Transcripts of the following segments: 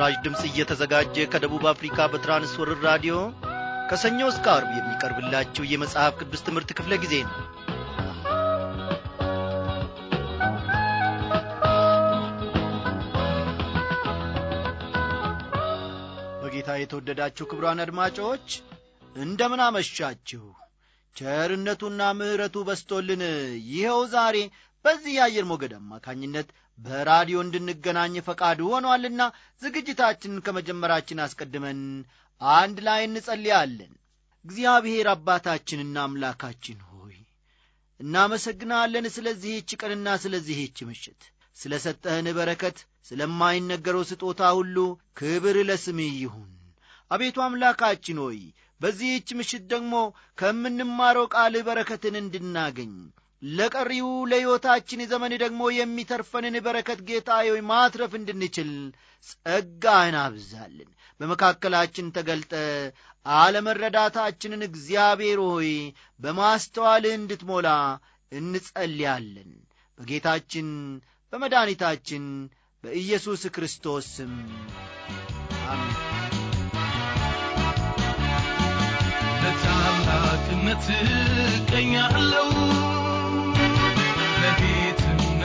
ለምስራች ድምፅ እየተዘጋጀ ከደቡብ አፍሪካ በትራንስወርር ራዲዮ ከሰኞ እስከ አርብ የሚቀርብላችሁ የመጽሐፍ ቅዱስ ትምህርት ክፍለ ጊዜ ነው በጌታ የተወደዳችሁ ክብሯን አድማጮች እንደምን አመሻችሁ ቸርነቱና ምሕረቱ በስቶልን ይኸው ዛሬ በዚህ የአየር ሞገድ አማካኝነት በራዲዮ እንድንገናኝ ፈቃዱ ሆኗልና ዝግጅታችንን ከመጀመራችን አስቀድመን አንድ ላይ እንጸልያለን። እግዚአብሔር አባታችንና አምላካችን ሆይ እናመሰግናለን ስለዚህች ቀንና ስለዚህች ምሽት ስለ ሰጠህን በረከት ስለማይነገረው ስጦታ ሁሉ ክብር ለስምህ ይሁን። አቤቱ አምላካችን ሆይ በዚህች ምሽት ደግሞ ከምንማረው ቃልህ በረከትን እንድናገኝ ለቀሪው ለሕይወታችን ዘመን ደግሞ የሚተርፈንን በረከት ጌታ ሆይ ማትረፍ እንድንችል ጸጋህን አብዛልን። በመካከላችን ተገልጠ አለመረዳታችንን እግዚአብሔር ሆይ በማስተዋልህ እንድትሞላ እንጸልያለን። በጌታችን በመድኃኒታችን በኢየሱስ ክርስቶስ አሜን። ለታላቅነት ቀኛለው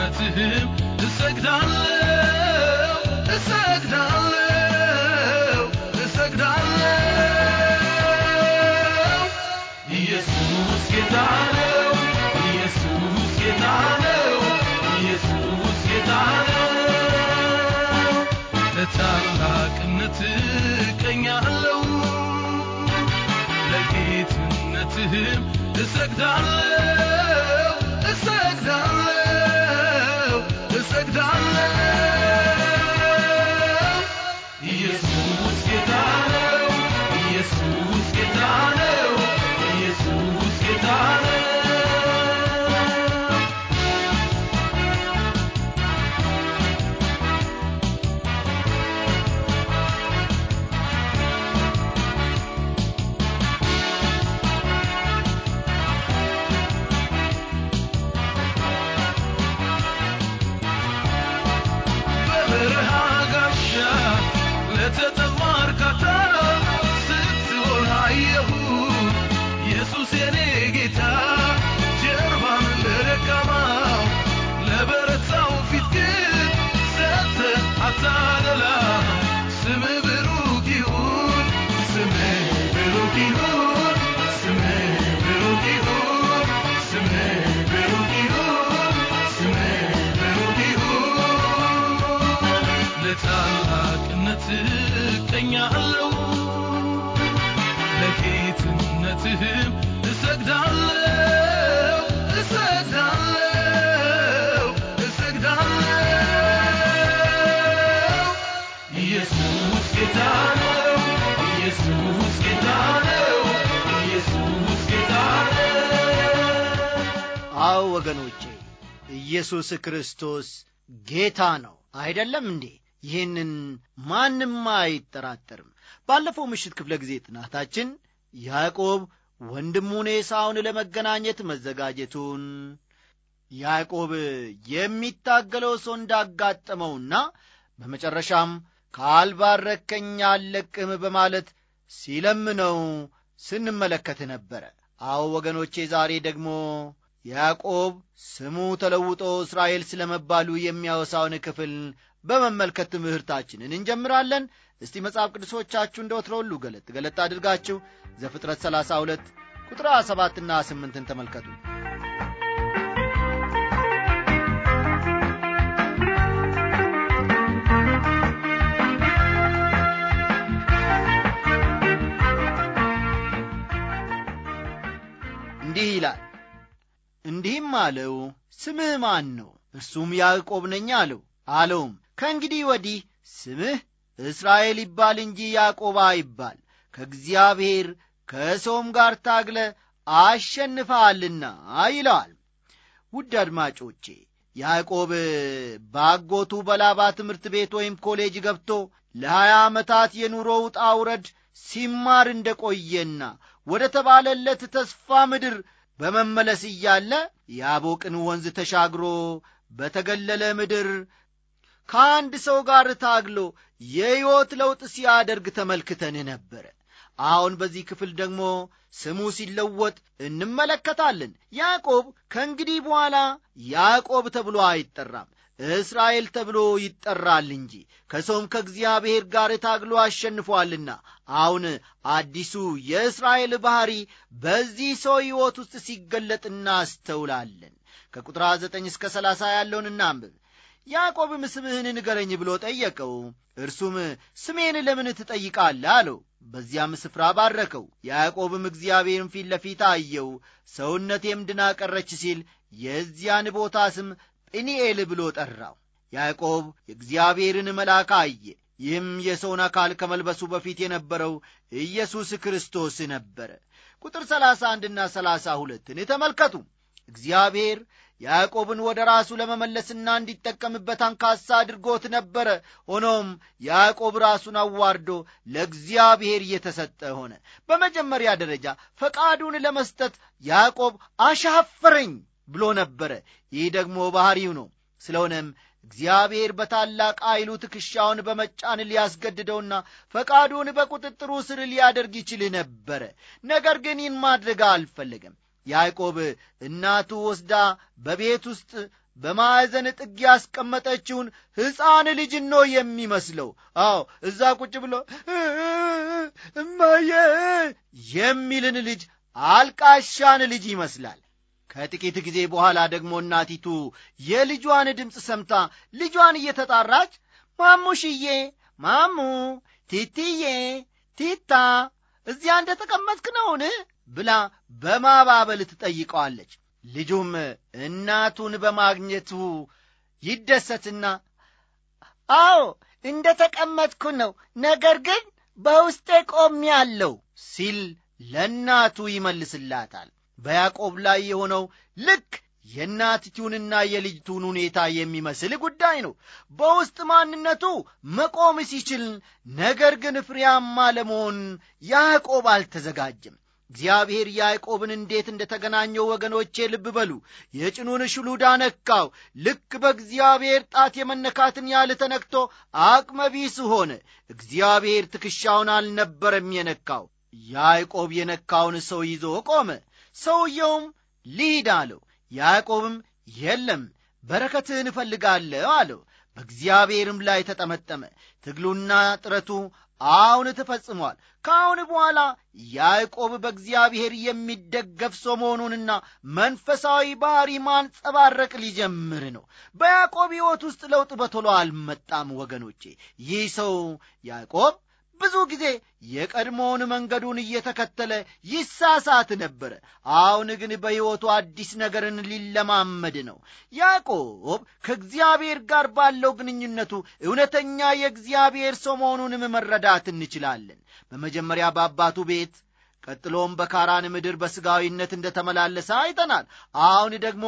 لعنتهم እሰግዳለሁ እሰግዳለሁ ወገኖቼ ኢየሱስ ክርስቶስ ጌታ ነው አይደለም እንዴ ይህንን ማንም አይጠራጠርም ባለፈው ምሽት ክፍለ ጊዜ ጥናታችን ያዕቆብ ወንድሙን ኤሳውን ለመገናኘት መዘጋጀቱን ያዕቆብ የሚታገለው ሰው እንዳጋጠመውና በመጨረሻም ካልባረከኝ አለቅም በማለት ሲለምነው ስንመለከት ነበረ አዎ ወገኖቼ ዛሬ ደግሞ ያዕቆብ ስሙ ተለውጦ እስራኤል ስለ መባሉ የሚያወሳውን ክፍል በመመልከት ትምህርታችንን እንጀምራለን። እስቲ መጽሐፍ ቅዱሶቻችሁ እንደ ወትሮ ሁሉ ገለጥ ገለጥ አድርጋችሁ ዘፍጥረት 32 ቁጥር 7ና 8ን ተመልከቱ። እንዲህ ይላል እንዲህም አለው ስምህ ማን ነው? እርሱም ያዕቆብ ነኝ አለው። አለውም ከእንግዲህ ወዲህ ስምህ እስራኤል ይባል እንጂ ያዕቆብ አይባል፣ ከእግዚአብሔር ከሰውም ጋር ታግለ አሸንፈሃልና ይለዋል። ውድ አድማጮቼ ያዕቆብ በአጎቱ በላባ ትምህርት ቤት ወይም ኮሌጅ ገብቶ ለሀያ ዓመታት የኑሮ ውጣ ውረድ ሲማር እንደ ቆየና ወደ ተባለለት ተስፋ ምድር በመመለስ እያለ የአቦቅን ወንዝ ተሻግሮ በተገለለ ምድር ከአንድ ሰው ጋር ታግሎ የሕይወት ለውጥ ሲያደርግ ተመልክተን ነበረ። አሁን በዚህ ክፍል ደግሞ ስሙ ሲለወጥ እንመለከታለን። ያዕቆብ ከእንግዲህ በኋላ ያዕቆብ ተብሎ አይጠራም። እስራኤል ተብሎ ይጠራል እንጂ ከሰውም ከእግዚአብሔር ጋር ታግሎ አሸንፏልና። አሁን አዲሱ የእስራኤል ባሕሪ በዚህ ሰው ሕይወት ውስጥ ሲገለጥ እናስተውላለን። ከቁጥር 9 እስከ 30 ያለውን እናንብብ። ያዕቆብም ስምህን ንገረኝ ብሎ ጠየቀው። እርሱም ስሜን ለምን ትጠይቃለ አለው። በዚያም ስፍራ ባረከው። ያዕቆብም እግዚአብሔርን ፊት ለፊት አየው፣ ሰውነቴም ድና ቀረች ሲል የዚያን ቦታ ስም ኢኒኤል ብሎ ጠራው። ያዕቆብ የእግዚአብሔርን መልአክ አየ። ይህም የሰውን አካል ከመልበሱ በፊት የነበረው ኢየሱስ ክርስቶስ ነበረ። ቁጥር 31 ና ሰላሳ ሁለትን ተመልከቱ። እግዚአብሔር ያዕቆብን ወደ ራሱ ለመመለስና እንዲጠቀምበት አንካሳ አድርጎት ነበረ። ሆኖም ያዕቆብ ራሱን አዋርዶ ለእግዚአብሔር እየተሰጠ ሆነ። በመጀመሪያ ደረጃ ፈቃዱን ለመስጠት ያዕቆብ አሻፈረኝ ብሎ ነበረ። ይህ ደግሞ ባሕሪው ነው። ስለሆነም እግዚአብሔር በታላቅ ኃይሉ ትከሻውን በመጫን ሊያስገድደውና ፈቃዱን በቁጥጥሩ ስር ሊያደርግ ይችል ነበረ። ነገር ግን ይህን ማድረግ አልፈለገም። ያዕቆብ እናቱ ወስዳ በቤት ውስጥ በማዕዘን ጥግ ያስቀመጠችውን ሕፃን ልጅ ነው የሚመስለው። አዎ እዛ ቁጭ ብሎ እማዬ የሚልን ልጅ አልቃሻን ልጅ ይመስላል። ከጥቂት ጊዜ በኋላ ደግሞ እናቲቱ የልጇን ድምፅ ሰምታ ልጇን እየተጣራች ማሙሽዬ፣ ማሙ፣ ቲቲዬ፣ ቲታ እዚያ እንደ ተቀመጥክ ነውን? ብላ በማባበል ትጠይቀዋለች። ልጁም እናቱን በማግኘቱ ይደሰትና አዎ እንደ ተቀመጥኩ ነው፣ ነገር ግን በውስጤ ቆሜ ያለው ሲል ለእናቱ ይመልስላታል። በያዕቆብ ላይ የሆነው ልክ የእናቲቱንና የልጅቱን ሁኔታ የሚመስል ጉዳይ ነው። በውስጥ ማንነቱ መቆም ሲችል፣ ነገር ግን ፍሬያማ ለመሆን ያዕቆብ አልተዘጋጀም። እግዚአብሔር ያዕቆብን እንዴት እንደ ተገናኘው ወገኖቼ ልብ በሉ። የጭኑን ሽሉዳ ነካው። ልክ በእግዚአብሔር ጣት የመነካትን ያህል ተነክቶ አቅመ ቢስ ሆነ። እግዚአብሔር ትክሻውን አልነበረም የነካው፣ ያዕቆብ የነካውን ሰው ይዞ ቆመ። ሰውየውም ሊሂድ አለው። ያዕቆብም የለም በረከትህን እፈልጋለሁ አለው። በእግዚአብሔርም ላይ ተጠመጠመ። ትግሉና ጥረቱ አሁን ተፈጽሟል። ከአሁን በኋላ ያዕቆብ በእግዚአብሔር የሚደገፍ ሰው መሆኑንና መንፈሳዊ ባሕሪ ማንጸባረቅ ሊጀምር ነው። በያዕቆብ ሕይወት ውስጥ ለውጥ በቶሎ አልመጣም። ወገኖቼ ይህ ሰው ያዕቆብ ብዙ ጊዜ የቀድሞውን መንገዱን እየተከተለ ይሳሳት ነበረ። አሁን ግን በሕይወቱ አዲስ ነገርን ሊለማመድ ነው። ያዕቆብ ከእግዚአብሔር ጋር ባለው ግንኙነቱ እውነተኛ የእግዚአብሔር ሰው መሆኑንም መረዳት እንችላለን። በመጀመሪያ በአባቱ ቤት ቀጥሎም በካራን ምድር በሥጋዊነት እንደተመላለሰ አይተናል። አሁን ደግሞ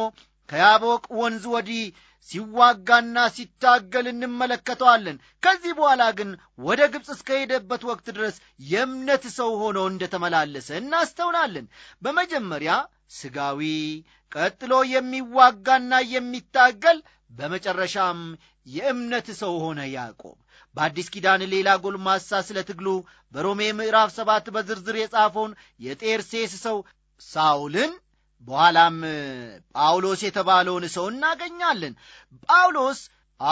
ከያቦቅ ወንዝ ወዲህ ሲዋጋና ሲታገል እንመለከተዋለን። ከዚህ በኋላ ግን ወደ ግብፅ እስከሄደበት ወቅት ድረስ የእምነት ሰው ሆኖ እንደተመላለሰ እናስተውላለን። በመጀመሪያ ስጋዊ ቀጥሎ የሚዋጋና የሚታገል፣ በመጨረሻም የእምነት ሰው ሆነ ያዕቆብ። በአዲስ ኪዳን ሌላ ጎልማሳ ስለ ትግሉ በሮሜ ምዕራፍ ሰባት በዝርዝር የጻፈውን የጤርሴስ ሰው ሳውልን በኋላም ጳውሎስ የተባለውን ሰው እናገኛለን። ጳውሎስ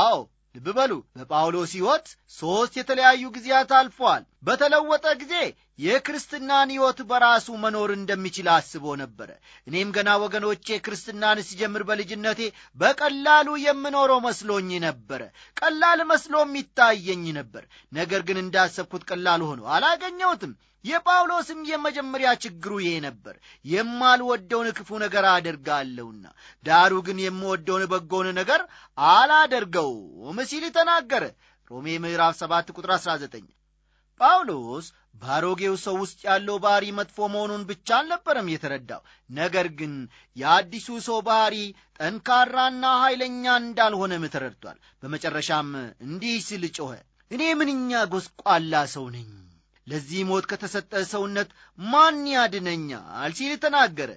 አዎ ልብ በሉ በጳውሎስ ሕይወት ሦስት የተለያዩ ጊዜያት አልፈዋል። በተለወጠ ጊዜ የክርስትናን ሕይወት በራሱ መኖር እንደሚችል አስቦ ነበረ። እኔም ገና ወገኖቼ ክርስትናን ሲጀምር በልጅነቴ በቀላሉ የምኖረው መስሎኝ ነበረ። ቀላል መስሎም ይታየኝ ነበር። ነገር ግን እንዳሰብኩት ቀላል ሆኖ አላገኘሁትም። የጳውሎስም የመጀመሪያ ችግሩ ይሄ ነበር፣ የማልወደውን ክፉ ነገር አደርጋለሁና፣ ዳሩ ግን የምወደውን በጎውን ነገር አላደርገውም ሲል ተናገረ። ሮሜ ምዕራፍ 7 ቁጥር 19 ጳውሎስ በአሮጌው ሰው ውስጥ ያለው ባሕሪ መጥፎ መሆኑን ብቻ አልነበረም የተረዳው፣ ነገር ግን የአዲሱ ሰው ባሕሪ ጠንካራና ኃይለኛ እንዳልሆነም ተረድቷል። በመጨረሻም እንዲህ ሲል ጮኸ፣ እኔ ምንኛ ጎስቋላ ሰው ነኝ! ለዚህ ሞት ከተሰጠ ሰውነት ማን ያድነኛል? ሲል ተናገረ።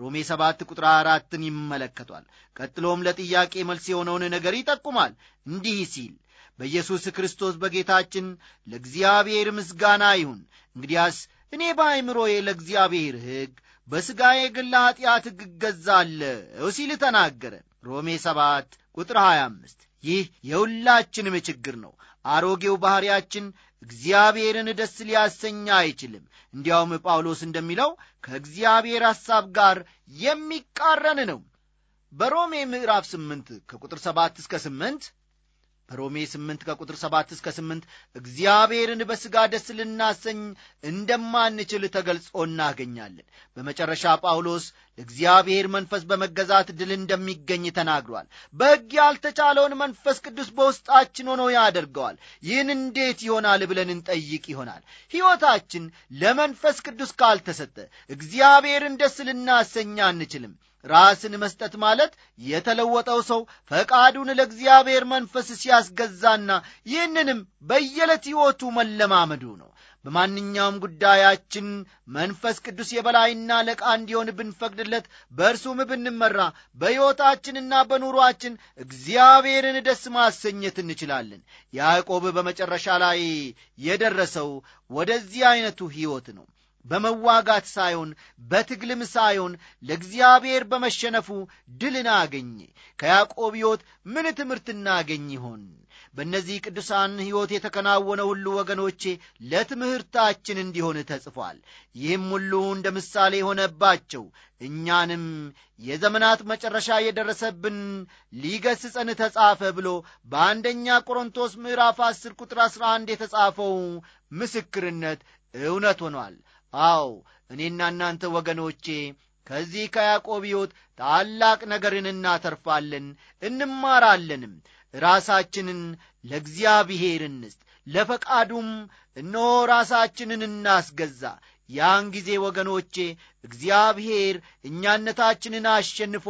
ሮሜ 7 ቁጥር አራትን ይመለከቷል። ቀጥሎም ለጥያቄ መልስ የሆነውን ነገር ይጠቁማል እንዲህ ሲል በኢየሱስ ክርስቶስ በጌታችን ለእግዚአብሔር ምስጋና ይሁን። እንግዲያስ እኔ በአይምሮዬ ለእግዚአብሔር ሕግ በሥጋዬ ግን ለኀጢአት ሕግ እገዛለሁ ሲል ተናገረ። ሮሜ 7 ቁጥር 25 ይህ የሁላችንም ችግር ነው። አሮጌው ባሕርያችን እግዚአብሔርን ደስ ሊያሰኛ አይችልም። እንዲያውም ጳውሎስ እንደሚለው ከእግዚአብሔር ሐሳብ ጋር የሚቃረን ነው። በሮሜ ምዕራፍ 8 ከቁጥር 7 እስከ 8 በሮሜ 8 ከቁጥር 7 እስከ 8 እግዚአብሔርን በሥጋ ደስ ልናሰኝ እንደማንችል ተገልጾ እናገኛለን። በመጨረሻ ጳውሎስ ለእግዚአብሔር መንፈስ በመገዛት ድል እንደሚገኝ ተናግሯል። በሕግ ያልተቻለውን መንፈስ ቅዱስ በውስጣችን ሆኖ ያደርገዋል። ይህን እንዴት ይሆናል ብለን እንጠይቅ ይሆናል። ሕይወታችን ለመንፈስ ቅዱስ ካልተሰጠ እግዚአብሔርን ደስ ልናሰኝ አንችልም። ራስን መስጠት ማለት የተለወጠው ሰው ፈቃዱን ለእግዚአብሔር መንፈስ ሲያስገዛና ይህንንም በየዕለት ሕይወቱ መለማመዱ ነው። በማንኛውም ጉዳያችን መንፈስ ቅዱስ የበላይና ለቃ እንዲሆን ብንፈቅድለት፣ በእርሱም ብንመራ በሕይወታችንና በኑሯችን እግዚአብሔርን ደስ ማሰኘት እንችላለን። ያዕቆብ በመጨረሻ ላይ የደረሰው ወደዚህ ዐይነቱ ሕይወት ነው። በመዋጋት ሳይሆን በትግልም ሳይሆን ለእግዚአብሔር በመሸነፉ ድልን አገኘ። ከያዕቆብ ሕይወት ምን ትምህርት እናገኝ ይሆን? በእነዚህ ቅዱሳን ሕይወት የተከናወነ ሁሉ ወገኖቼ ለትምህርታችን እንዲሆን ተጽፏል። ይህም ሁሉ እንደ ምሳሌ የሆነባቸው እኛንም የዘመናት መጨረሻ የደረሰብን ሊገስጸን ተጻፈ ብሎ በአንደኛ ቆሮንቶስ ምዕራፍ 10 ቁጥር 11 የተጻፈው ምስክርነት እውነት ሆኗል። አዎ እኔና እናንተ ወገኖቼ ከዚህ ከያዕቆብ ሕይወት ታላቅ ነገርን እናተርፋለን እንማራለንም ራሳችንን ለእግዚአብሔር እንስጥ ለፈቃዱም እነሆ ራሳችንን እናስገዛ ያን ጊዜ ወገኖቼ እግዚአብሔር እኛነታችንን አሸንፎ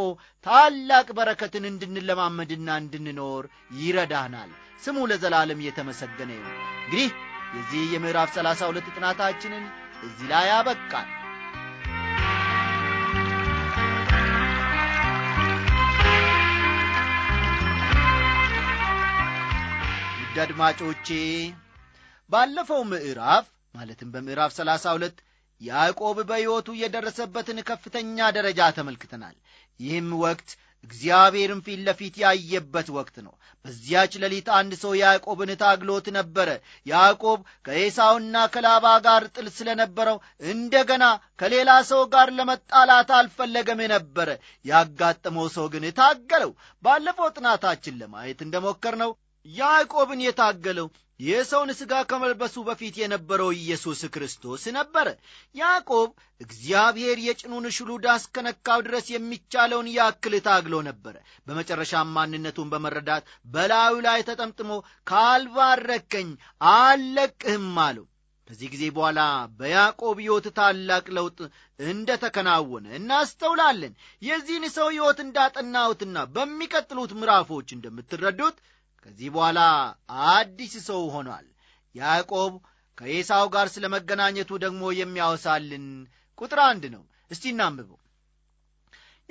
ታላቅ በረከትን እንድንለማመድና እንድንኖር ይረዳናል ስሙ ለዘላለም እየተመሰገነ ይሁን እንግዲህ የዚህ የምዕራፍ ሰላሳ ሁለት ጥናታችንን እዚህ ላይ ያበቃል። ውድ አድማጮቼ ባለፈው ምዕራፍ ማለትም በምዕራፍ ሰላሳ ሁለት ያዕቆብ በሕይወቱ የደረሰበትን ከፍተኛ ደረጃ ተመልክተናል። ይህም ወቅት እግዚአብሔርም ፊት ለፊት ያየበት ወቅት ነው። በዚያች ሌሊት አንድ ሰው ያዕቆብን ታግሎት ነበረ። ያዕቆብ ከኤሳውና ከላባ ጋር ጥል ስለ ነበረው እንደገና ከሌላ ሰው ጋር ለመጣላት አልፈለገም ነበረ። ያጋጠመው ሰው ግን ታገለው። ባለፈው ጥናታችን ለማየት እንደሞከርነው ያዕቆብን የታገለው የሰውን ሥጋ ከመልበሱ በፊት የነበረው ኢየሱስ ክርስቶስ ነበረ። ያዕቆብ እግዚአብሔር የጭኑን ሽሉዳ እስከነካው ድረስ የሚቻለውን ያክል ታግሎ ነበረ። በመጨረሻም ማንነቱን በመረዳት በላዩ ላይ ተጠምጥሞ ካልባረከኝ አልለቅህም አለው። ከዚህ ጊዜ በኋላ በያዕቆብ ሕይወት ታላቅ ለውጥ እንደ ተከናወነ እናስተውላለን። የዚህን ሰው ሕይወት እንዳጠናሁትና በሚቀጥሉት ምዕራፎች እንደምትረዱት ከዚህ በኋላ አዲስ ሰው ሆኗል። ያዕቆብ ከኤሳው ጋር ስለ መገናኘቱ ደግሞ የሚያወሳልን ቁጥር አንድ ነው። እስቲ እናንብበው።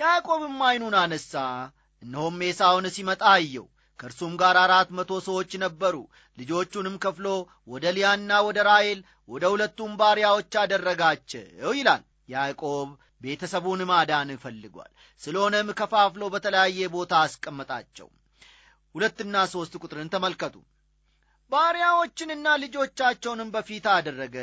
ያዕቆብም ዐይኑን አነሣ፣ እነሆም ኤሳውን ሲመጣ አየው። ከእርሱም ጋር አራት መቶ ሰዎች ነበሩ። ልጆቹንም ከፍሎ ወደ ሊያና ወደ ራሔል ወደ ሁለቱም ባሪያዎች አደረጋቸው ይላል። ያዕቆብ ቤተሰቡን ማዳን ፈልጓል። ስለሆነም ከፋፍሎ በተለያየ ቦታ አስቀመጣቸው። ሁለትና ሦስት ቁጥርን ተመልከቱ ባሪያዎችንና ልጆቻቸውንም በፊት አደረገ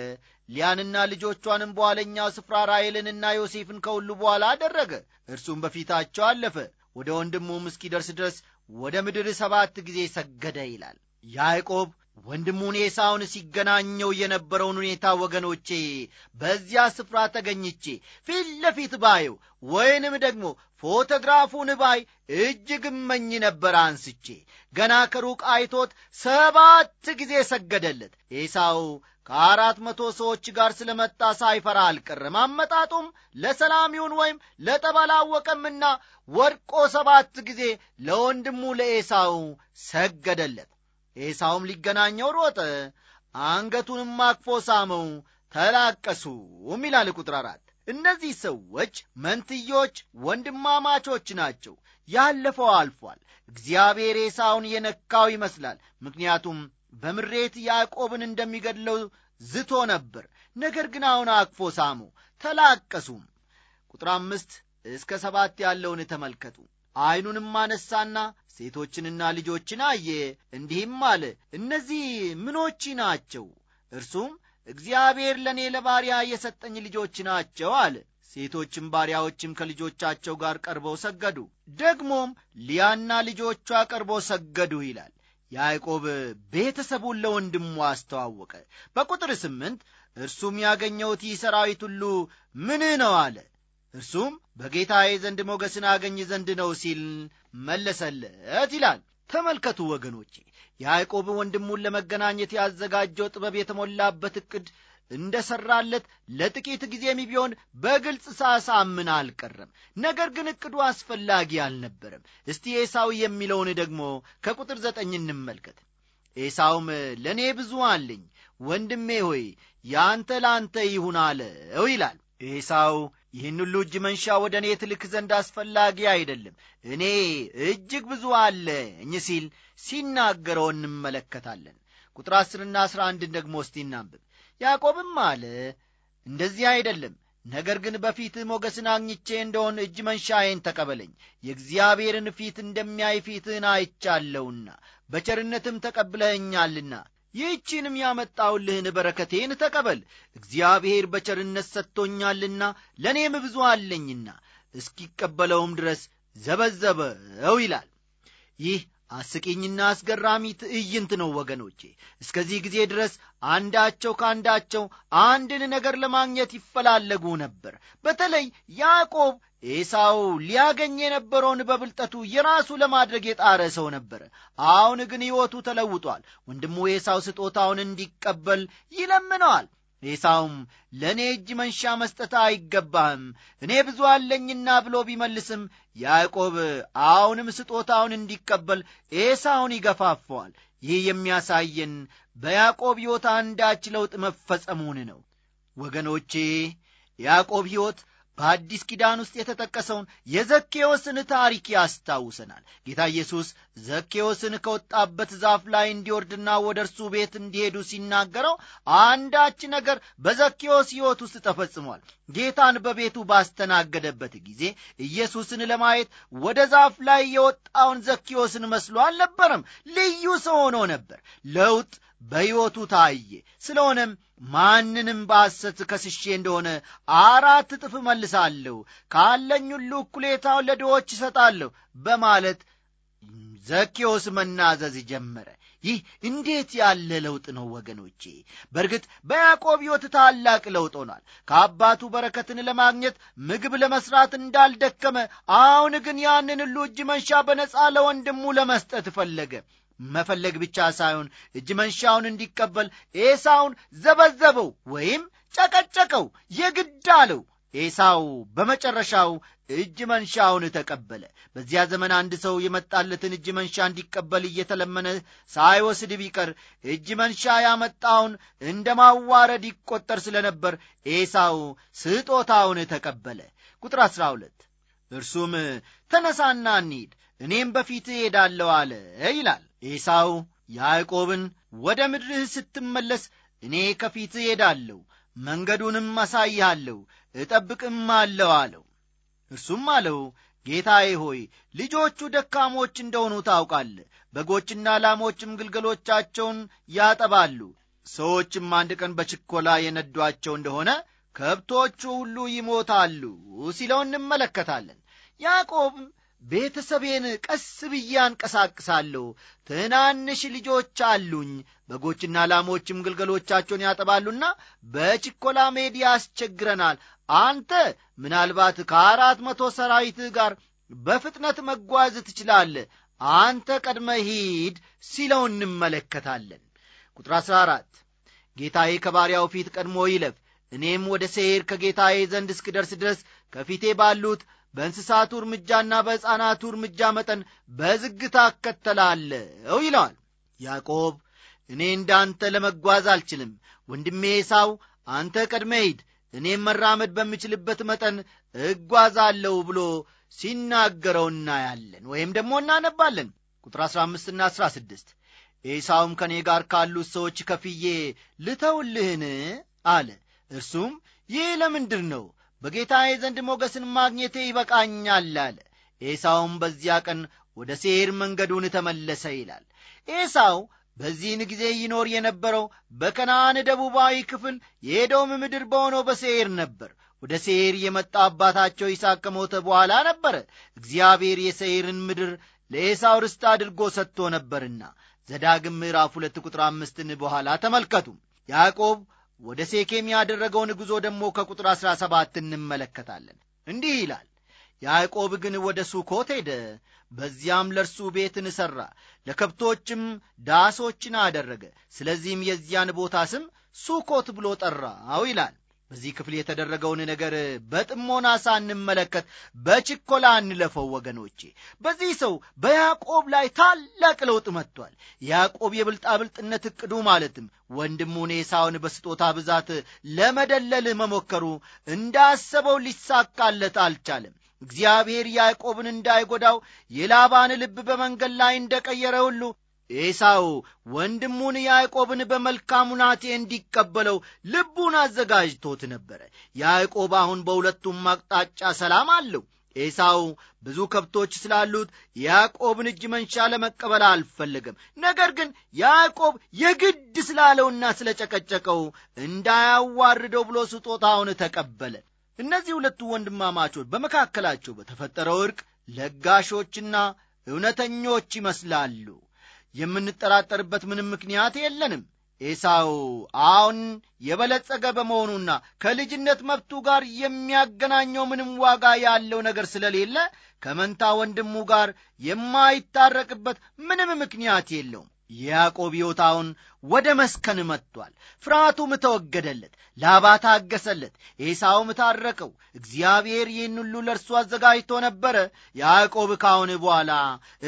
ሊያንና ልጆቿንም በኋለኛው ስፍራ ራይልንና ዮሴፍን ከሁሉ በኋላ አደረገ እርሱም በፊታቸው አለፈ ወደ ወንድሙም እስኪደርስ ድረስ ወደ ምድር ሰባት ጊዜ ሰገደ ይላል ያዕቆብ ወንድሙን ኤሳውን ሲገናኘው የነበረውን ሁኔታ ወገኖቼ በዚያ ስፍራ ተገኝቼ ፊት ለፊት ባየው ወይንም ደግሞ ፎቶግራፉን ባይ እጅግ መኝ ነበር አንስቼ። ገና ከሩቅ አይቶት ሰባት ጊዜ ሰገደለት። ኤሳው ከአራት መቶ ሰዎች ጋር ስለመጣ ሳይፈራ አልቀረም። አመጣጡም ለሰላም ይሁን ወይም ለጠባላወቀምና ወድቆ ሰባት ጊዜ ለወንድሙ ለኤሳው ሰገደለት። ኤሳውም ሊገናኘው ሮጠ፣ አንገቱንም አቅፎ ሳመው፣ ተላቀሱም ይላል ቁጥር አራት። እነዚህ ሰዎች መንትዮች ወንድማማቾች ናቸው። ያለፈው አልፏል። እግዚአብሔር ኤሳውን የነካው ይመስላል። ምክንያቱም በምሬት ያዕቆብን እንደሚገድለው ዝቶ ነበር። ነገር ግን አሁን አቅፎ ሳሙ፣ ተላቀሱም። ቁጥር አምስት እስከ ሰባት ያለውን ተመልከቱ። ዐይኑንም አነሳና ሴቶችንና ልጆችን አየ፣ እንዲህም አለ፣ እነዚህ ምኖች ናቸው? እርሱም እግዚአብሔር ለእኔ ለባሪያ የሰጠኝ ልጆች ናቸው አለ። ሴቶችም ባሪያዎችም ከልጆቻቸው ጋር ቀርበው ሰገዱ። ደግሞም ሊያና ልጆቿ ቀርበው ሰገዱ ይላል። ያዕቆብ ቤተሰቡን ለወንድሙ አስተዋወቀ። በቁጥር ስምንት እርሱም ያገኘውት ይህ ሠራዊት ሁሉ ምን ነው አለ እርሱም በጌታዬ ዘንድ ሞገስን አገኝ ዘንድ ነው ሲል መለሰለት ይላል። ተመልከቱ ወገኖቼ፣ ያዕቆብ ወንድሙን ለመገናኘት ያዘጋጀው ጥበብ የተሞላበት እቅድ እንደ ሠራለት ለጥቂት ጊዜም ቢሆን በግልጽ ሳሳምን አልቀረም። ነገር ግን እቅዱ አስፈላጊ አልነበረም። እስቲ ኤሳው የሚለውን ደግሞ ከቁጥር ዘጠኝ እንመልከት። ኤሳውም ለእኔ ብዙ አለኝ፣ ወንድሜ ሆይ ያንተ ላንተ ይሁን አለው ይላል። ኤሳው ይህን ሁሉ እጅ መንሻ ወደ እኔ ትልክ ዘንድ አስፈላጊ አይደለም፣ እኔ እጅግ ብዙ አለኝ ሲል ሲናገረው እንመለከታለን። ቁጥር አስርና አስራ አንድን ደግሞ እስቲ እናንብብ። ያዕቆብም አለ እንደዚህ አይደለም ነገር ግን በፊት ሞገስን አግኝቼ እንደሆን እጅ መንሻዬን ተቀበለኝ። የእግዚአብሔርን ፊት እንደሚያይ ፊትህን አይቻለውና በቸርነትም ተቀብለኸኛልና ይህችንም ያመጣውልህን በረከቴን ተቀበል፣ እግዚአብሔር በቸርነት ሰጥቶኛልና ለእኔም ብዙ አለኝና እስኪቀበለውም ድረስ ዘበዘበው ይላል። ይህ አስቂኝና አስገራሚ ትዕይንት ነው ወገኖቼ እስከዚህ ጊዜ ድረስ አንዳቸው ከአንዳቸው አንድን ነገር ለማግኘት ይፈላለጉ ነበር በተለይ ያዕቆብ ኤሳው ሊያገኝ የነበረውን በብልጠቱ የራሱ ለማድረግ የጣረ ሰው ነበረ አሁን ግን ሕይወቱ ተለውጧል ወንድሙ ኤሳው ስጦታውን እንዲቀበል ይለምነዋል ኤሳውም ለእኔ እጅ መንሻ መስጠት አይገባህም፣ እኔ ብዙ አለኝና ብሎ ቢመልስም ያዕቆብ አሁንም ስጦታውን እንዲቀበል ኤሳውን ይገፋፈዋል። ይህ የሚያሳየን በያዕቆብ ሕይወት አንዳች ለውጥ መፈጸሙን ነው። ወገኖቼ ያዕቆብ ሕይወት በአዲስ ኪዳን ውስጥ የተጠቀሰውን የዘኬዎስን ታሪክ ያስታውሰናል። ጌታ ኢየሱስ ዘኬዎስን ከወጣበት ዛፍ ላይ እንዲወርድና ወደ እርሱ ቤት እንዲሄዱ ሲናገረው አንዳች ነገር በዘኬዎስ ሕይወት ውስጥ ተፈጽሟል። ጌታን በቤቱ ባስተናገደበት ጊዜ ኢየሱስን ለማየት ወደ ዛፍ ላይ የወጣውን ዘኬዎስን መስሎ አልነበረም። ልዩ ሰው ሆኖ ነበር። ለውጥ በሕይወቱ ታየ። ስለሆነም ማንንም በሐሰት ከስሼ እንደሆነ አራት እጥፍ እመልሳለሁ፣ ካለኝ ሁሉ እኩሌታውን ለድሆች እሰጣለሁ በማለት ዘኬዎስ መናዘዝ ጀመረ። ይህ እንዴት ያለ ለውጥ ነው ወገኖቼ! በእርግጥ በያዕቆብ ሕይወት ታላቅ ለውጥ ሆኗል። ከአባቱ በረከትን ለማግኘት ምግብ ለመስራት እንዳልደከመ፣ አሁን ግን ያንን ሁሉ እጅ መንሻ በነጻ ለወንድሙ ለመስጠት ፈለገ። መፈለግ ብቻ ሳይሆን እጅ መንሻውን እንዲቀበል ኤሳውን ዘበዘበው ወይም ጨቀጨቀው፣ የግድ አለው። ኤሳው በመጨረሻው እጅ መንሻውን ተቀበለ። በዚያ ዘመን አንድ ሰው የመጣለትን እጅ መንሻ እንዲቀበል እየተለመነ ሳይወስድ ቢቀር እጅ መንሻ ያመጣውን እንደ ማዋረድ ይቆጠር ስለነበር ኤሳው ስጦታውን ተቀበለ። ቁጥር 12 እርሱም ተነሳና እንሂድ እኔም በፊት እሄዳለሁ አለ ይላል። ኤሳው ያዕቆብን ወደ ምድርህ ስትመለስ እኔ ከፊት እሄዳለሁ፣ መንገዱንም አሳይሃለሁ፣ እጠብቅም አለው አለው። እርሱም አለው ጌታዬ ሆይ ልጆቹ ደካሞች እንደሆኑ ታውቃለ። በጎችና ላሞችም ግልገሎቻቸውን ያጠባሉ። ሰዎችም አንድ ቀን በችኮላ የነዷቸው እንደሆነ ከብቶቹ ሁሉ ይሞታሉ ሲለው እንመለከታለን። ያዕቆብ ቤተሰቤን ቀስ ብዬ አንቀሳቅሳለሁ። ትናንሽ ልጆች አሉኝ። በጎችና ላሞችም ግልገሎቻቸውን ያጠባሉና በችኮላ መሄድ ያስቸግረናል። አንተ ምናልባት ከአራት መቶ ሰራዊትህ ጋር በፍጥነት መጓዝ ትችላለህ። አንተ ቀድመ ሂድ ሲለው እንመለከታለን። ቁጥር 14 ጌታዬ ከባሪያው ፊት ቀድሞ ይለፍ እኔም ወደ ሴይር ከጌታዬ ዘንድ እስክደርስ ድረስ ከፊቴ ባሉት በእንስሳቱ እርምጃና በሕፃናቱ እርምጃ መጠን በዝግታ እከተላለሁ ይለዋል ያዕቆብ እኔ እንዳንተ ለመጓዝ አልችልም ወንድሜ ኤሳው አንተ ቀድመ ሂድ እኔም መራመድ በምችልበት መጠን እጓዛለሁ ብሎ ሲናገረው እናያለን ወይም ደግሞ እናነባለን ቁጥር 15 ና 16 ኤሳውም ከእኔ ጋር ካሉት ሰዎች ከፍዬ ልተውልህን አለ እርሱም ይህ ለምንድር ነው በጌታዬ ዘንድ ሞገስን ማግኘቴ ይበቃኛል አለ። ኤሳውም በዚያ ቀን ወደ ሴር መንገዱን ተመለሰ ይላል። ኤሳው በዚህን ጊዜ ይኖር የነበረው በከነዓን ደቡባዊ ክፍል የኤዶም ምድር በሆነው በሴር ነበር። ወደ ሴር የመጣ አባታቸው ይስሐቅ ከሞተ በኋላ ነበረ። እግዚአብሔር የሴርን ምድር ለኤሳው ርስት አድርጎ ሰጥቶ ነበርና ዘዳግም ምዕራፍ ሁለት ቁጥር አምስትን በኋላ ተመልከቱ። ያዕቆብ ወደ ሴኬም ያደረገውን ጉዞ ደግሞ ከቁጥር አሥራ ሰባት እንመለከታለን። እንዲህ ይላል ያዕቆብ ግን ወደ ሱኮት ሄደ፣ በዚያም ለእርሱ ቤትን እሠራ ለከብቶችም ዳሶችን አደረገ። ስለዚህም የዚያን ቦታ ስም ሱኮት ብሎ ጠራው ይላል። በዚህ ክፍል የተደረገውን ነገር በጥሞና ሳንመለከት በችኮላ እንለፈው ወገኖቼ። በዚህ ሰው በያዕቆብ ላይ ታላቅ ለውጥ መጥቷል። ያዕቆብ የብልጣብልጥነት እቅዱ ማለትም ወንድሙን ኤሳውን በስጦታ ብዛት ለመደለል መሞከሩ እንዳሰበው ሊሳካለት አልቻለም። እግዚአብሔር ያዕቆብን እንዳይጎዳው የላባን ልብ በመንገድ ላይ እንደቀየረ ሁሉ ኤሳው ወንድሙን ያዕቆብን በመልካም ሁናቴ እንዲቀበለው ልቡን አዘጋጅቶት ነበረ። ያዕቆብ አሁን በሁለቱም አቅጣጫ ሰላም አለው። ኤሳው ብዙ ከብቶች ስላሉት ያዕቆብን እጅ መንሻ ለመቀበል አልፈለገም። ነገር ግን ያዕቆብ የግድ ስላለውና ስለጨቀጨቀው እንዳያዋርደው ብሎ ስጦታውን ተቀበለ። እነዚህ ሁለቱ ወንድማማቾች በመካከላቸው በተፈጠረው ዕርቅ ለጋሾችና እውነተኞች ይመስላሉ። የምንጠራጠርበት ምንም ምክንያት የለንም። ኤሳው አሁን የበለጸገ በመሆኑና ከልጅነት መብቱ ጋር የሚያገናኘው ምንም ዋጋ ያለው ነገር ስለሌለ ከመንታ ወንድሙ ጋር የማይታረቅበት ምንም ምክንያት የለውም። የያዕቆብ ሕይወታውን ወደ መስከን መጥቷል። ፍርሃቱም ተወገደለት፣ ላባ ታገሰለት፣ ኤሳውም ታረቀው። እግዚአብሔር ይህን ሁሉ ለእርሱ አዘጋጅቶ ነበረ። ያዕቆብ ካሁን በኋላ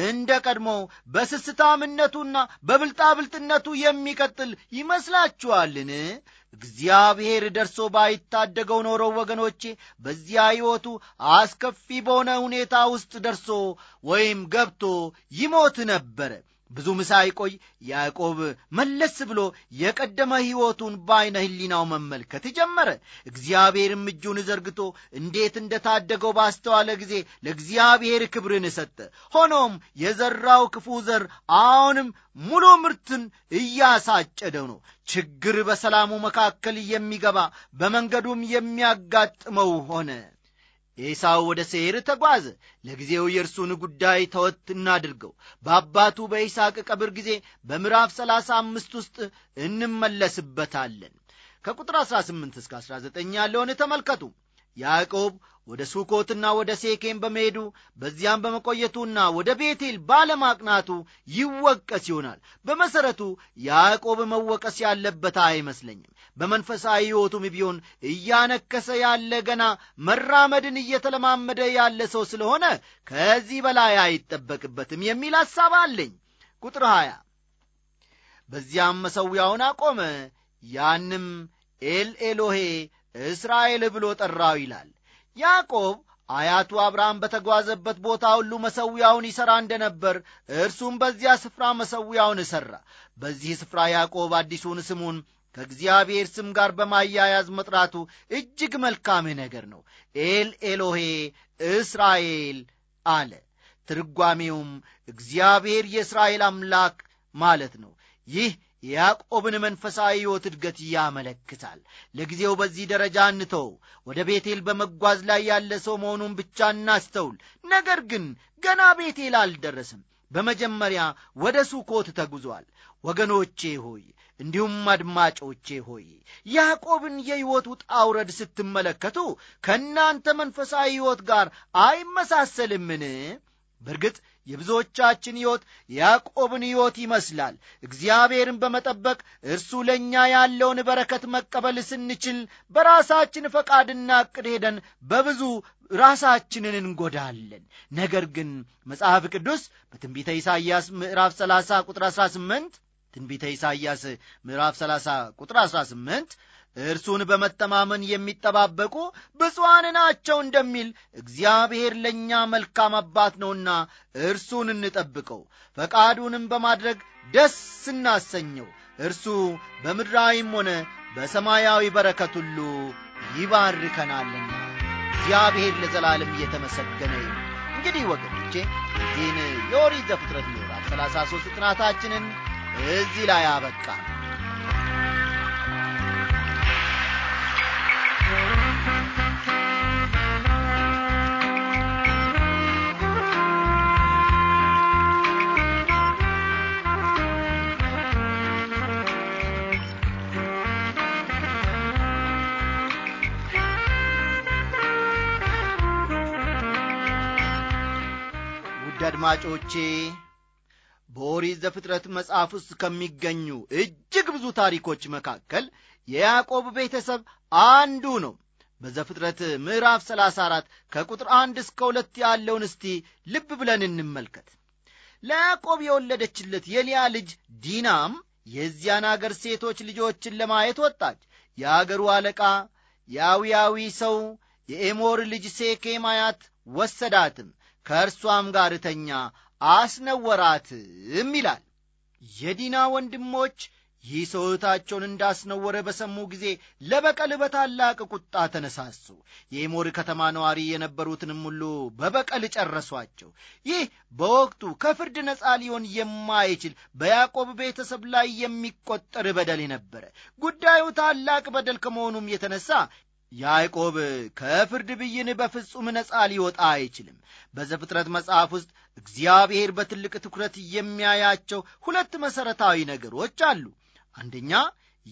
እንደ ቀድሞ በስስታምነቱና በብልጣብልጥነቱ የሚቀጥል ይመስላችኋልን? እግዚአብሔር ደርሶ ባይታደገው ኖሮ ወገኖቼ፣ በዚያ ሕይወቱ አስከፊ በሆነ ሁኔታ ውስጥ ደርሶ ወይም ገብቶ ይሞት ነበረ። ብዙ ምሳ አይቆይ ያዕቆብ መለስ ብሎ የቀደመ ሕይወቱን በዐይነ ሕሊናው መመልከት ጀመረ። እግዚአብሔርም እጁን ዘርግቶ እንዴት እንደ ታደገው ባስተዋለ ጊዜ ለእግዚአብሔር ክብርን ሰጠ። ሆኖም የዘራው ክፉ ዘር አሁንም ሙሉ ምርትን እያሳጨደው ነው። ችግር በሰላሙ መካከል የሚገባ በመንገዱም የሚያጋጥመው ሆነ። ኤሳው ወደ ሴር ተጓዘ። ለጊዜው የእርሱን ጉዳይ ተወት እናድርገው። በአባቱ በይስሐቅ ቀብር ጊዜ በምዕራፍ ሰላሳ አምስት ውስጥ እንመለስበታለን። ከቁጥር 18 እስከ 19 ያለውን ተመልከቱ። ያዕቆብ ወደ ሱኮትና ወደ ሴኬም በመሄዱ በዚያም በመቆየቱና ወደ ቤቴል ባለማቅናቱ ይወቀስ ይሆናል። በመሠረቱ ያዕቆብ መወቀስ ያለበት አይመስለኝም። በመንፈሳዊ ሕይወቱም ቢሆን እያነከሰ ያለ ገና መራመድን እየተለማመደ ያለ ሰው ስለሆነ ከዚህ በላይ አይጠበቅበትም የሚል ሐሳብ አለኝ። ቁጥር 20 በዚያም መሠዊያውን አቆመ፣ ያንም ኤል ኤሎሄ እስራኤል ብሎ ጠራው ይላል። ያዕቆብ አያቱ አብርሃም በተጓዘበት ቦታ ሁሉ መሠዊያውን ይሠራ እንደነበር እርሱም በዚያ ስፍራ መሠዊያውን እሠራ። በዚህ ስፍራ ያዕቆብ አዲሱን ስሙን ከእግዚአብሔር ስም ጋር በማያያዝ መጥራቱ እጅግ መልካም ነገር ነው። ኤል ኤሎሄ እስራኤል አለ። ትርጓሜውም እግዚአብሔር የእስራኤል አምላክ ማለት ነው። ይህ የያዕቆብን መንፈሳዊ ሕይወት እድገት ያመለክታል። ለጊዜው በዚህ ደረጃ እንተው። ወደ ቤቴል በመጓዝ ላይ ያለ ሰው መሆኑን ብቻ እናስተውል። ነገር ግን ገና ቤቴል አልደረስም። በመጀመሪያ ወደ ሱኮት ተጉዟል። ወገኖቼ ሆይ እንዲሁም አድማጮቼ ሆይ ያዕቆብን የሕይወት ውጣ ውረድ ስትመለከቱ ከእናንተ መንፈሳዊ ሕይወት ጋር አይመሳሰልምን? በእርግጥ የብዙዎቻችን ሕይወት ያዕቆብን ሕይወት ይመስላል። እግዚአብሔርን በመጠበቅ እርሱ ለእኛ ያለውን በረከት መቀበል ስንችል በራሳችን ፈቃድና ዕቅድ ሄደን በብዙ ራሳችንን እንጎዳለን። ነገር ግን መጽሐፍ ቅዱስ በትንቢተ ኢሳይያስ ምዕራፍ 30 ቁጥር 18 ትንቢተ ኢሳይያስ ምዕራፍ 30 ቁጥር 18 እርሱን በመተማመን የሚጠባበቁ ብፁዓን ናቸው እንደሚል እግዚአብሔር ለእኛ መልካም አባት ነውና እርሱን እንጠብቀው፣ ፈቃዱንም በማድረግ ደስ እናሰኘው። እርሱ በምድራዊም ሆነ በሰማያዊ በረከት ሁሉ ይባርከናልና እግዚአብሔር ለዘላለም እየተመሰገነ እንግዲህ ወገኖቼ ይህን የኦሪት ዘፍጥረት ምዕራፍ 33 ጥናታችንን እዚህ ላይ አበቃል ውድ አድማጮቼ በኦሪት ዘፍጥረት መጽሐፍ ውስጥ ከሚገኙ እጅግ ብዙ ታሪኮች መካከል የያዕቆብ ቤተሰብ አንዱ ነው። በዘፍጥረት ምዕራፍ 34 ከቁጥር አንድ እስከ ሁለት ያለውን እስቲ ልብ ብለን እንመልከት። ለያዕቆብ የወለደችለት የሊያ ልጅ ዲናም የዚያን አገር ሴቶች ልጆችን ለማየት ወጣች። የአገሩ አለቃ የአዊያዊ ሰው የኤሞር ልጅ ሴኬም አያት ወሰዳትም። ከእርሷም ጋር እተኛ አስነወራትም ይላል። የዲና ወንድሞች ይህ ሰውታቸውን እንዳስነወረ በሰሙ ጊዜ ለበቀል በታላቅ ቁጣ ተነሳሱ። የሞር ከተማ ነዋሪ የነበሩትንም ሁሉ በበቀል ጨረሷቸው። ይህ በወቅቱ ከፍርድ ነፃ ሊሆን የማይችል በያዕቆብ ቤተሰብ ላይ የሚቆጠር በደል ነበረ። ጉዳዩ ታላቅ በደል ከመሆኑም የተነሳ ያዕቆብ ከፍርድ ብይን በፍጹም ነፃ ሊወጣ አይችልም። በዘፍጥረት መጽሐፍ ውስጥ እግዚአብሔር በትልቅ ትኩረት የሚያያቸው ሁለት መሠረታዊ ነገሮች አሉ። አንደኛ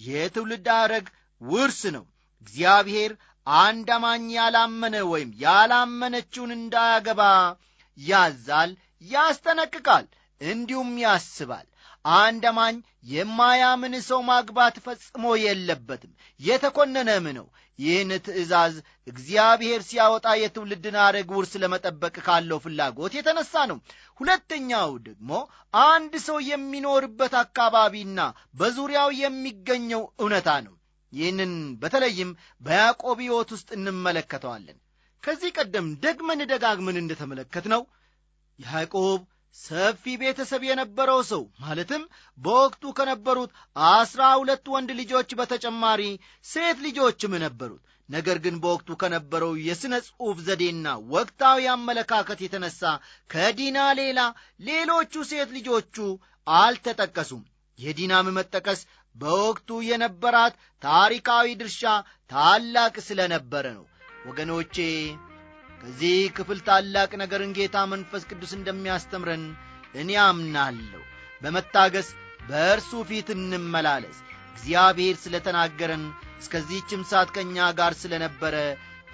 የትውልድ አረግ ውርስ ነው። እግዚአብሔር አንድ አማኝ ያላመነ ወይም ያላመነችውን እንዳያገባ ያዛል፣ ያስጠነቅቃል፣ እንዲሁም ያስባል። አንድ አማኝ የማያምን ሰው ማግባት ፈጽሞ የለበትም፣ የተኮነነም ነው፣ ይህን ትእዛዝ እግዚአብሔር ሲያወጣ የትውልድን ሐረግ ውርስ ለመጠበቅ ካለው ፍላጎት የተነሳ ነው። ሁለተኛው ደግሞ አንድ ሰው የሚኖርበት አካባቢና በዙሪያው የሚገኘው እውነታ ነው። ይህንን በተለይም በያዕቆብ ሕይወት ውስጥ እንመለከተዋለን። ከዚህ ቀደም ደግመን ደጋግመን ነው ያዕቆብ ሰፊ ቤተሰብ የነበረው ሰው ማለትም በወቅቱ ከነበሩት አስራ ሁለት ወንድ ልጆች በተጨማሪ ሴት ልጆችም ነበሩት። ነገር ግን በወቅቱ ከነበረው የሥነ ጽሑፍ ዘዴና ወቅታዊ አመለካከት የተነሳ ከዲና ሌላ ሌሎቹ ሴት ልጆቹ አልተጠቀሱም። የዲናም መጠቀስ በወቅቱ የነበራት ታሪካዊ ድርሻ ታላቅ ስለነበረ ነው። ወገኖቼ ከዚህ ክፍል ታላቅ ነገርን ጌታ መንፈስ ቅዱስ እንደሚያስተምረን እኔ አምናለሁ። በመታገስ በእርሱ ፊት እንመላለስ። እግዚአብሔር ስለ ተናገረን እስከዚህችም ሰዓት ከእኛ ጋር ስለ ነበረ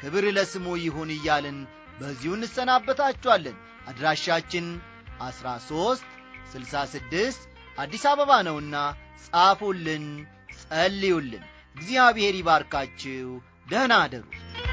ክብር ለስሙ ይሁን እያልን በዚሁ እንሰናበታችኋለን። አድራሻችን ዐሥራ 66 ስድስት አዲስ አበባ ነውና ጻፉልን፣ ጸልዩልን። እግዚአብሔር ይባርካችሁ። ደህና አደሩ።